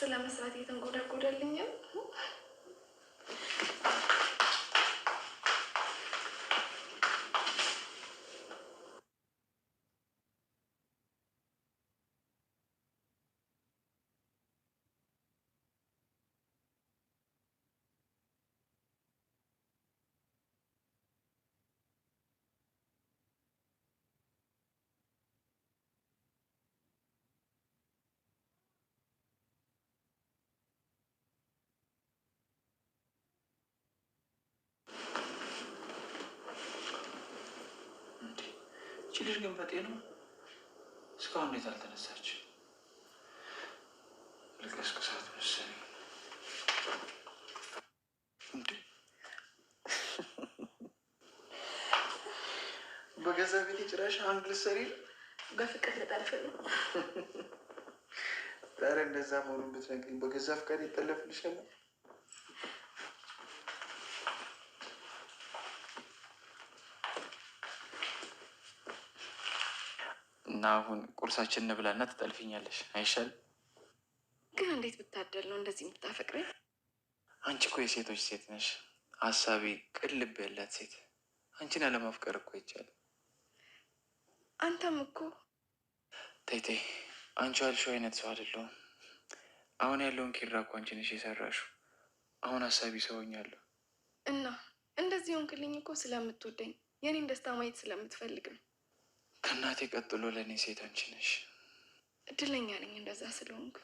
ስለመስራት እየተንጎደጎደልኝም ልጅ ግን በጤና እስካሁን እንዴት አልተነሳችም? ልቀስቅሳት መሰለኝ። በገዛ ቤት ጭራሽ አንድ ልትሰሪ በፍቅር ልጠልፍ ነው። ታዲያ እንደዛ መሆኑን ብትነግሪኝ በገዛ ፍቃድ ይጠለፍልሻል። እና አሁን ቁርሳችን እንብላና ትጠልፊኛለሽ አይሻል? ግን እንዴት ብታደል ነው እንደዚህ የምታፈቅረኝ? አንቺ እኮ የሴቶች ሴት ነሽ፣ ሀሳቢ ቅልብ ያላት ሴት። አንቺን አለማፍቀር እኮ ይቻል። አንተም እኮ ተይቴ፣ አንቺ አልሽው አይነት ሰው አይደለሁም። አሁን ያለውን ኪራ እኮ አንቺ ነሽ የሰራሽው። አሁን ሀሳቢ ሰውኛለሁ እና እንደዚህ ሆንክልኝ እኮ ስለምትወደኝ የኔን ደስታ ማየት ስለምትፈልግ ነው። ከእናቴ ቀጥሎ ለእኔ ሴት አንቺ ነሽ። እድለኛ ነኝ እንደዛ ስለሆንኩ።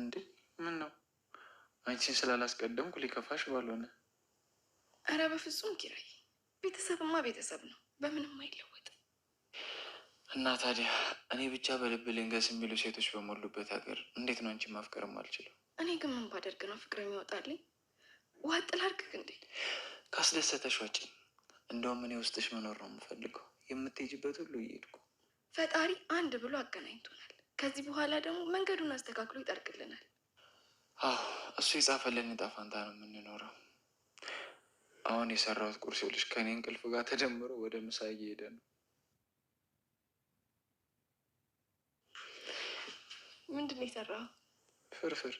እንዴ ምን ነው አንቺን ስላላስቀደምኩ ሊከፋሽ ባልሆነ። አረ በፍጹም ኪራይ፣ ቤተሰብማ ቤተሰብ ነው፣ በምንም አይለወጥም። እና ታዲያ እኔ ብቻ በልብ ልንገስ የሚሉ ሴቶች በሞሉበት ሀገር እንዴት ነው አንቺን ማፍቀርም አልችልም? እኔ ግን ምን ባደርግ ነው ፍቅር የሚወጣልኝ? ዋጥ እንዴ? ካስደሰተሽ ወጪ። እንደውም እኔ ውስጥሽ መኖር ነው የምፈልገው የምትሄጅበት ሁሉ እየሄድኩ ፈጣሪ አንድ ብሎ አገናኝቶናል። ከዚህ በኋላ ደግሞ መንገዱን አስተካክሎ ይጠርግልናል። እሱ የጻፈልን ዕጣ ፈንታ ነው የምንኖረው። አሁን የሰራሁት ቁርስ ልጅ ከኔ እንቅልፍ ጋር ተደምሮ ወደ ምሳ እየሄደ ነው። ምንድን ነው የሰራው? ፍርፍር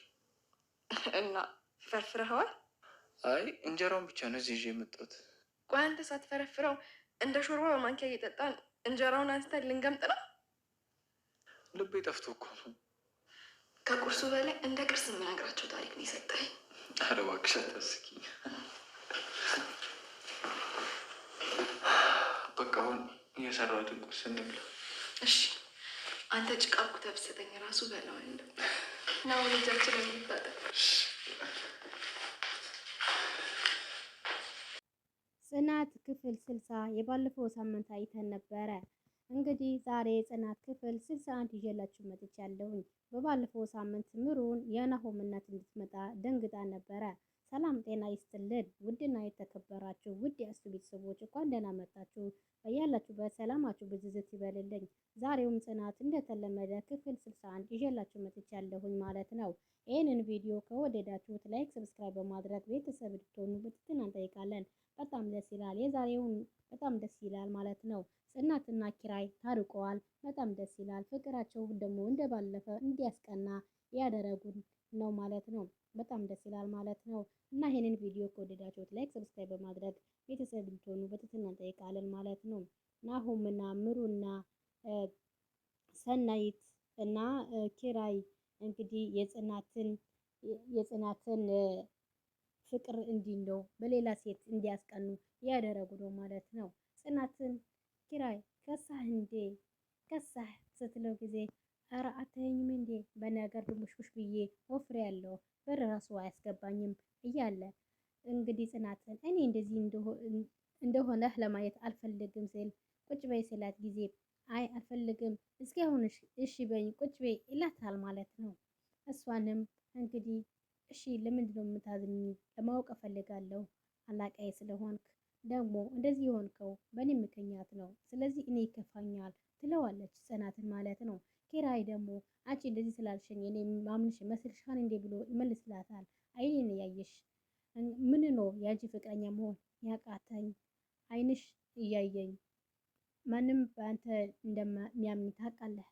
እና ፈርፍረኸዋል? አይ እንጀራውን ብቻ ነው እዚህ ይዤ የመጣሁት። ቆይ አንተ ሳትፈረፍረው እንደ ሾርባ በማንኪያ እየጠጣን እንጀራውን አንስተን ልንገምጥ ነው። ልቤ ጠፍቶ እኮ ነው። ከቁርሱ በላይ እንደ ቅርስ የምነግራቸው ታሪክ ነው የሰጠኝ። ኧረ እባክሽ አታስቂኝ። በቃ አሁን የሰራሁትን ቁርስ እንብላ። እሺ አንተ ጭቃኩ ተብሰጠኝ ራሱ ወይ ነው ልጃችን የሚባጠ ጽናት ክፍል ስልሳ የባለፈው ሳምንት አይተን ነበረ። እንግዲህ ዛሬ ጽናት ክፍል ስልሳ አንድ ይዤላችሁ መጥቻለሁኝ። በባለፈው ሳምንት ምሩን የናሆም እናት እንድትመጣ ደንግጣ ነበረ። ሰላም ጤና ይስጥልን ውድና የተከበራችሁ ውድ የእሱ ቤተሰቦች እንኳን ደህና መጣችሁ። በያላችሁበት ሰላማችሁ ብዝዝት ይበልልኝ። ዛሬውም ጽናት እንደተለመደ ክፍል ስልሳ አንድ ይዤላችሁ መጥቻለሁኝ ማለት ነው። ይህንን ቪዲዮ ከወደዳችሁት ላይክ፣ ሰብስክራይብ በማድረግ ቤተሰብ እንድትሆኑ ይላል። የዛሬውን በጣም ደስ ይላል ማለት ነው። ጽናትና ኪራይ ታርቀዋል። በጣም ደስ ይላል። ፍቅራቸው ደግሞ እንደባለፈ እንዲያስቀና ያደረጉን ነው ማለት ነው። በጣም ደስ ይላል ማለት ነው። እና ይሄንን ቪዲዮ ከወደዳችሁት ላይክ፣ ሰብስክራይብ በማድረግ ቤተሰብ እንድትሆኑ በትህትና እንጠይቃለን ማለት ነው። ናሆምና ምሩና ሰናይት እና ኪራይ እንግዲህ የጽናትን የጽናትን ፍቅር እንዲህ ነው በሌላ ሴት እንዲያስቀኑ ያደረጉ ነው ማለት ነው። ጽናትን ኪራይ ከሳህ እንዴ ከሳህ ስትለው ጊዜ ኧረ አታየኝም እንዴ በነገር ድሙሽሙሽ ብዬ ወፍሬ ያለው ብር ራሱ አያስገባኝም እያለ እንግዲህ ጽናትን እኔ እንደዚህ እንደሆነ ለማየት አልፈልግም ሲል ቁጭ በይ ስላት ጊዜ አይ አልፈልግም እስኪ አሁን እሺ በኝ ቁጭ በይ ይላታል ማለት ነው። እሷንም እንግዲህ እሺ ለምንድን ነው የምታዝኝ ለማወቅ እፈልጋለሁ አላቃዬ ስለሆንክ ደግሞ እንደዚህ የሆንከው በእኔ ምክንያት ነው፣ ስለዚህ እኔ ይከፋኛል ትለዋለች ጽናትን ማለት ነው። ኪራይ ደግሞ አንቺ እንደዚህ ስላልሽኝ እኔ ማምንሽ መስልሻን እንዴ ብሎ ይመልስላታል። አይኔን እያየሽ ምን ነው የአንቺ ፍቅረኛ መሆን ያቃተኝ አይንሽ እያየኝ ማንም በአንተ እንደሚያምን ታውቃለህ።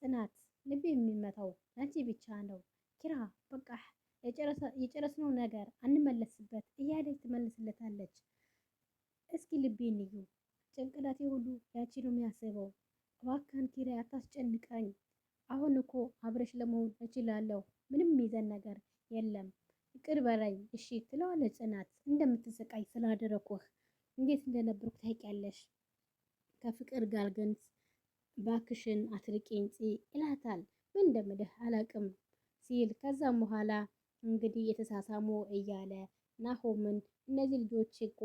ጽናት ልብ የሚመታው ለአንቺ ብቻ ነው። ኪራ በቃ የጨረስነው ነገር አንመለስበት እያለች ትመልስለታለች። እስኪ ልቤን እዩ ጭንቅላቴ ሁሉ ያቺ ነው የሚያስበው። እባክህን ኪራይ አታስጨንቀኝ። አሁን እኮ አብረሽ ለመሆን እችላለሁ። ምንም ይዘን ነገር የለም። ይቅር በለኝ እሺ ትለዋለች። ጽናት እንደምትሰቃይ ስላደረኩህ እንዴት እንደነበርኩ ታውቂያለሽ። ከፍቅር ጋር ግን ባክሽን አትርቂኝ ጽ ይላታል። ምን እንደምልህ አላቅም ሲል ከዛም በኋላ እንግዲህ የተሳሳሙ እያለ ናሆምን እነዚህ ልጆች እኮ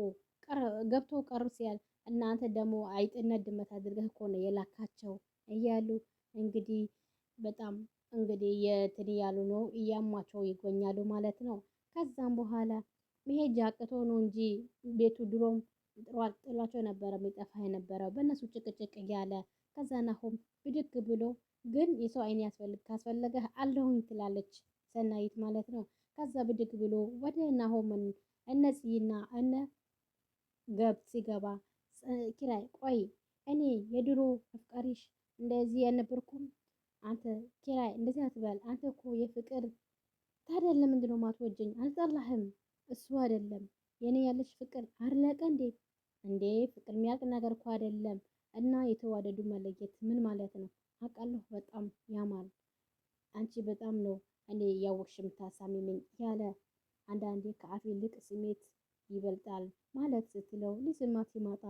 ገብቶ ቀሩ ሲያል እናንተ ደግሞ አይጥነት ድመት አድርገህ እኮ ነው የላካቸው እያሉ እንግዲህ በጣም እንግዲህ የትን እያሉ ነው እያሟቸው ይገኛሉ ማለት ነው። ከዛም በኋላ ይሄ አቅቶ ነው እንጂ ቤቱ ድሮም ጥሏቸው ነበረ የሚጠፋ የነበረው በእነሱ ጭቅጭቅ እያለ ከዛ ናሆም ብድግ ብሎ ግን የሰው አይን ያስፈልግ ካስፈለገህ አለሁኝ ትላለች ሰናይት ማለት ነው። ከዛ ብድግ ብሎ ወደ ናሆምን እነ ጽይና እነ ገብ ሲገባ ኪራይ ቆይ እኔ የድሮ አፍቃሪሽ እንደዚህ የነበርኩም አንተ ኪራይ እንደዚህ አትበል። አንተ እኮ የፍቅር ታዲያ ለምንድን ነው ማትወጀኝ? አልጠላህም። እሱ አይደለም የኔ ያለሽ ፍቅር አለቀ እንዴ? እንዴ ፍቅር የሚያልቅ ነገር እኮ አይደለም። እና የተዋደዱ መለየት ምን ማለት ነው? አውቃለሁ በጣም ያማል። አንቺ በጣም ነው እኔ ያወቅሽ ምን ያለ አንዳንዴ ከአፍ ይልቅ ስሜት ይበልጣል ማለት ስትለው ሊስማት ሲመጣ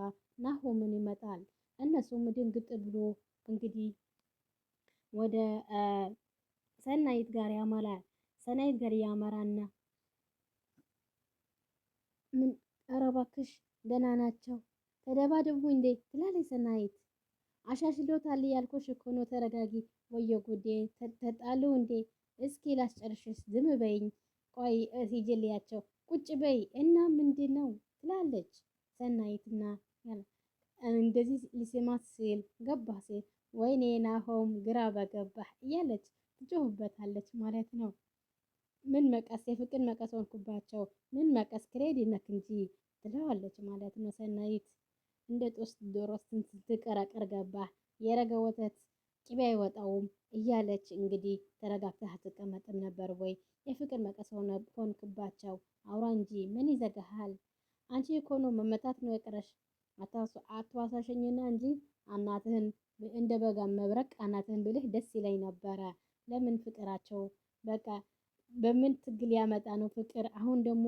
ናሆምን ይመጣል። እነሱም ድንግጥ ብሎ እንግዲህ ወደ ሰናይት ጋር ያመራል። ሰናይት ጋር ያመራና ምን አረባክሽ እባክሽ ደህና ናቸው ተደባደቡ እንዴ ትላለች ሰናይት። አሻሽሎታል ያልኩሽ እኮ ነው ተረጋጊ። ወየ ጉዴ ተጣሉ እንዴ? እስኪ ላስጨርሽስ ዝም በይኝ። ቆይ ሲጅልያቸው ቁጭ በይ እና ምንድን ነው ትላለች ሰናይትና እንደዚህ ሊስማት ሲል ገባ ሲል ወይኔ ናሆም ግራ በገባህ እያለች ትጮህበታለች ማለት ነው። ምን መቀስ የፍቅር መቀስ ሆንኩባቸው፣ ምን መቀስ ክሬድ ነክ እንጂ ትለዋለች ማለት ነው። ሰናይት እንደ ጦስ ዶሮ ስትንትቀረቀር ገባህ የረገ ወተት ቅቤ አይወጣውም እያለች እንግዲህ ተረጋግተህ አትቀመጥም ነበር ወይ? የፍቅር መቀስ ሆንክባቸው። አውራ እንጂ ምን ይዘግሃል? አንቺ እኮ ነው መመታት ነው የቀረሽ። አትዋሳሸኝና እንጂ አናትህን እንደ በጋ መብረቅ አናትህን ብልህ ደስ ይለኝ ነበረ። ለምን ፍቅራቸው በቃ በምን ትግል ያመጣ ነው ፍቅር። አሁን ደግሞ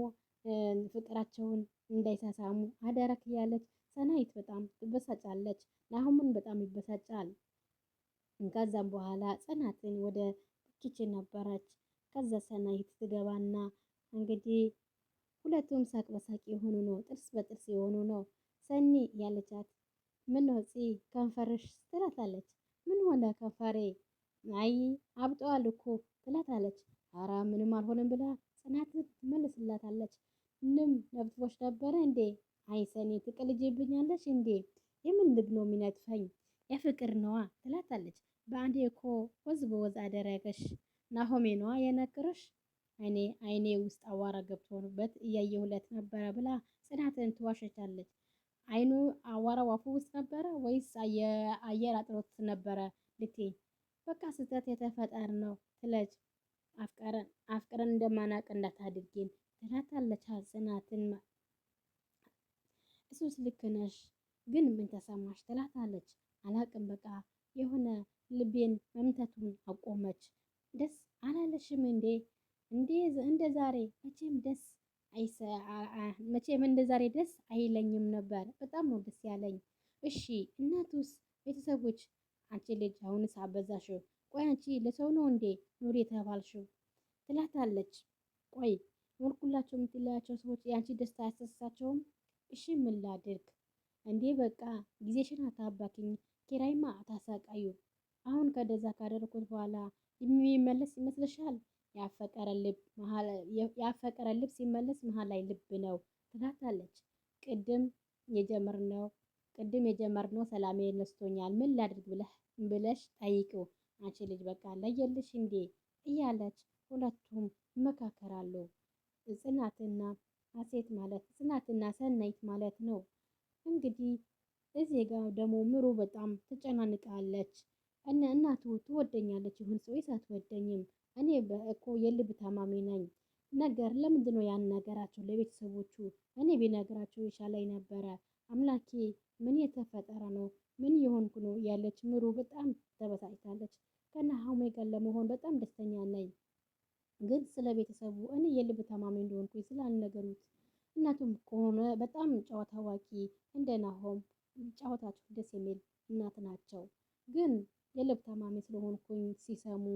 ፍቅራቸውን እንዳይሳሳሙ አደረክ እያለች ሰናይት በጣም ትበሳጫለች። ናሁምን በጣም ይበሳጫል። ከዛም በኋላ ጽናትን ወደ ኪችን ነበረች። ከዛ ሰናይት ትገባና እንግዲህ ሁለቱም ሳቅ በሳቅ የሆኑ ነው፣ ጥርስ በጥርስ የሆኑ ነው። ሰኒ ያለቻት ምን ወጪ ከንፈርሽ ትላታለች። ምን ሆነ ከንፈሬ? አይ አብጠዋል እኮ ትላታለች። አራ ምንም አልሆነም ብላ ጽናት መልስላታለች። ምንም ነብትቦች ነበረ እንዴ? አይ ሰኒ ትቅልጅብኛለች እንዴ? የምን ልብ ነው የሚነጥፈኝ? የፍቅር ነዋ ትላታለች። በአንዴ እኮ ወዝ በወዝ አደረገሽ። ናሆሜ የነገረሽ? አይኔ አይኔ ውስጥ አዋራ ገብቶበት እያየሁለት ነበረ ብላ ጽናትን ትዋሸቻለች። አይኑ አዋራ ዋፉ ውስጥ ነበረ ወይስ አየር አጥሮት ነበረ ልትይ በቃ ስህተት የተፈጠር ነው ትለች። አፍቀረን እንደማናቅ እንዳታድርጊን ትላታለች ጽናትን። እሱስ ልክ ነሽ ግን ምን ተሰማሽ ትላታለች። አላቅም በቃ የሆነ ልቤን መምተቱን አቆመች። ደስ አላለሽም እንዴ? እንደ ዛሬ መቼም ደስ መቼም እንደ ዛሬ ደስ አይለኝም ነበር። በጣም ነው ደስ ያለኝ። እሺ እናቱስ፣ ቤተሰቦች፣ አንቺ ልጅ አሁንስ አበዛሽው። ቆይ አንቺ ለሰው ነው እንዴ ኑሪ የተባልሽው? ትላታለች። ቆይ ኖርኩላቸው የምትለያቸው ሰዎች የአንቺ ደስታ አያስደስታቸውም? እሺ ምን ላድርግ እንዴ? በቃ ጊዜሽን አታባክኝ፣ ኪራይማ አታሳቃዩ። አሁን ከደዛ ካደረኩት በኋላ የሚመለስ ይመስልሻል? ያፈቀረ ልብ ልብ ሲመለስ መሀል ላይ ልብ ነው ትላታለች። ቅድም የጀመርነው ቅድም የጀመርነው ሰላሜ ነስቶኛል ምን ላድርግ ብለህ ብለሽ ጠይቂው አንቺ ልጅ በቃ ለየልሽ እንዴ እያለች ሁለቱም ይመካከራሉ። ጽናትና አሴት ማለት ጽናትና ሰናይት ማለት ነው። እንግዲህ እዚህ ጋር ደግሞ ምሩ በጣም ትጨናንቃለች። እነ እናቱ ትወደኛለች፣ ይሁን ሰውዬ አትወደኝም። እኔ እኮ የልብ ታማሚ ነኝ። ነገር ለምንድን ነው ያን ነገራቸው ለቤተሰቦቹ? እኔ ቢነግራቸው ይሻለኝ ነበረ። አምላኬ ምን የተፈጠረ ነው? ምን የሆንኩ ነው? ያለች ምሩ በጣም ተበሳጭታለች። ከነሐሜ ጋር ለመሆን በጣም ደስተኛ ነኝ፣ ግን ስለ ቤተሰቡ እኔ የልብ ታማሚ እንደሆንኩ ስላልነገሩት እናቱም ከሆነ በጣም ጨዋታ አዋቂ እንደ ናሆም ጨዋታቸው ደስ የሚል እናት ናቸው ግን የልብ ታማሚ ስለሆንኩኝ ሲሰሙ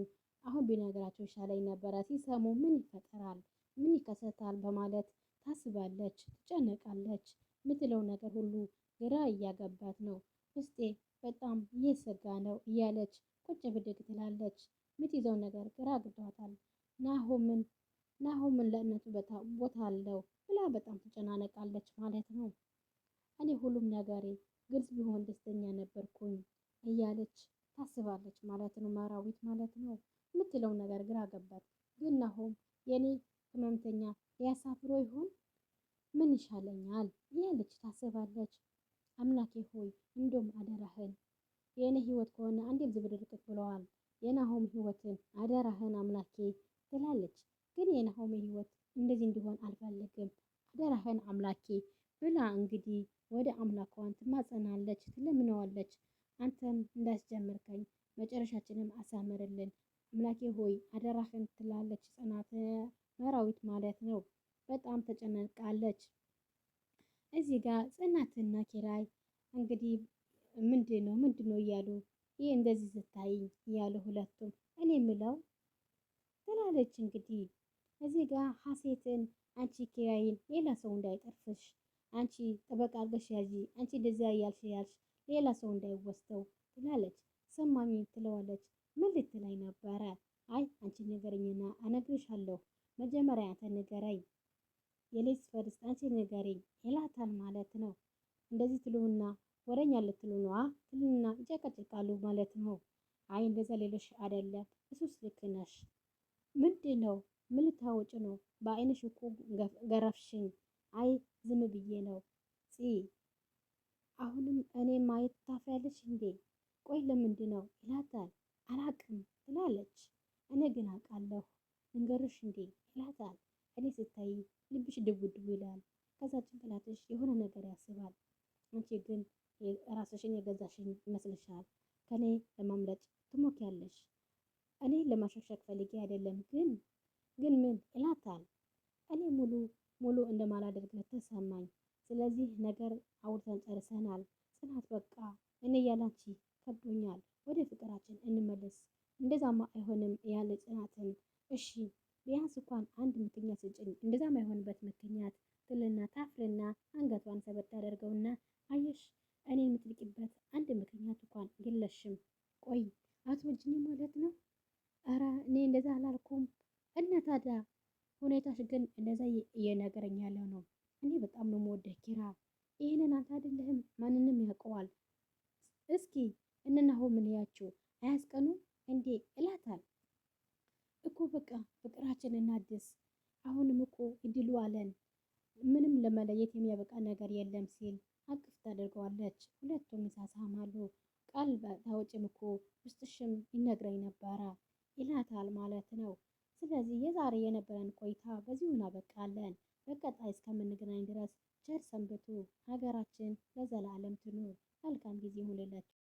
አሁን ቢነግራቸው ይሻለኝ ነበረ፣ ሲሰሙ ምን ይፈጠራል፣ ምን ይከሰታል በማለት ታስባለች፣ ትጨነቃለች። የምትለው ነገር ሁሉ ግራ እያገባት ነው። ውስጤ በጣም እየሰጋ ነው እያለች ቁጭ ብድግ ትላለች። የምትይዘው ነገር ግራ ግብቷታል። ናሆምን ናሆምን ለእነሱ ቦታ አለው ብላ በጣም ትጨናነቃለች ማለት ነው። እኔ ሁሉም ነገሬ ግልጽ ቢሆን ደስተኛ ነበርኩኝ እያለች አስባለች ማለት ነው መራዊት ማለት ነው የምትለው ነገር ግራ ገባት። ግን ናሆም የኔ ህመምተኛ ሊያሳፍሮ ይሆን ምን ይሻለኛል እያለች ታስባለች። አምላኬ ሆይ እንደም አደራህን የእኔ ህይወት ከሆነ አንዴም ዝብርቅርቅ ብለዋል የናሆም ህይወትን አደራህን አምላኬ ትላለች። ግን የናሆም ህይወት እንደዚህ እንዲሆን አልፈልግም አደራህን አምላኬ ብላ እንግዲህ ወደ አምላኳን ትማጸናለች፣ ትለምነዋለች። ሌላ ሰው እንዳይቀርፍሽ፣ አንቺ ጥበቃ አድርገሽ ያዢ፣ አንቺ እንደዚያ እያልሽ ያልሽ ሌላ ሰው እንዳይወስደው ትላለች። ሰማኝ ትለዋለች። ምን ልትለኝ ነበረ? አይ አንቺ ንገረኝና አነግርሻለሁ። መጀመሪያ አንተ ንገረኝ፣ የሌስ ፈርስት አንቺ ንገረኝ ይላታል ማለት ነው። እንደዚህ ትሉና ወረኛ ልትሉ ነዋ ትሉና ይጨቀጭቃሉ ማለት ነው። አይ እንደዛ ሌሎች አይደለም፣ እሱስ ልክ ነሽ ምንድን ነው ልታወጪ ነው? በአይንሽ እኮ ገረፍሽኝ። አይ ዝም ብዬ ነው። ፂ አሁንም እኔ ማየት ታፍያለሽ እንዴ? ቆይ ለምንድ ነው ይላታል። አላቅም ትላለች። እኔ ግን አውቃለሁ ልንገርሽ እንዴ ይላታል። እኔ ስታይ ልብሽ ድውድው ይላል። ከዛ ጭንቅላትሽ የሆነ ነገር ያስባል። አንቺ ግን ራስሽን የገዛሽኝ ይመስልሻል። ከኔ ለማምለጥ ትሞክሪያለሽ። እኔ ለማሸሸግ ፈልጌ አይደለም ግን ግን ምን ይላታል። እኔ ሙሉ ሙሉ እንደማላደርግለት ተሰማኝ። ስለዚህ ነገር አውርተን ጨርሰናል። ጽናት በቃ እኔ ያላንቺ ከብዶኛል፣ ወደ ፍቅራችን እንመለስ። እንደዛማ አይሆንም ያለ ጽናትን እሺ ቢያንስ እንኳን አንድ ምክንያት ስጭኝ፣ እንደዛማ አይሆንበት ምክንያት ትልና ታፍርና አንገቷን ሰበት አደርገውና አየሽ እኔ የምትልቅበት አንድ ምክንያት እንኳን የለሽም። ቆይ አትወጂኝም ማለት ነው? ኧረ እኔ እንደዛ አላልኩም። አቅፍ ታደርገዋለች። ሁለቱም ይሳሳማሉ። ቃል ባታወጪም እኮ ውስጥሽም ይነግረኝ ነበረ ይላታል ማለት ነው። ስለዚህ የዛሬ የነበረን ቆይታ በዚሁ እናበቃለን። በቀጣይ እስከምንገናኝ ድረስ ቸር ሰንብቱ። ሀገራችን ለዘላለም ትኑር። መልካም ጊዜ ይሁንላችሁ።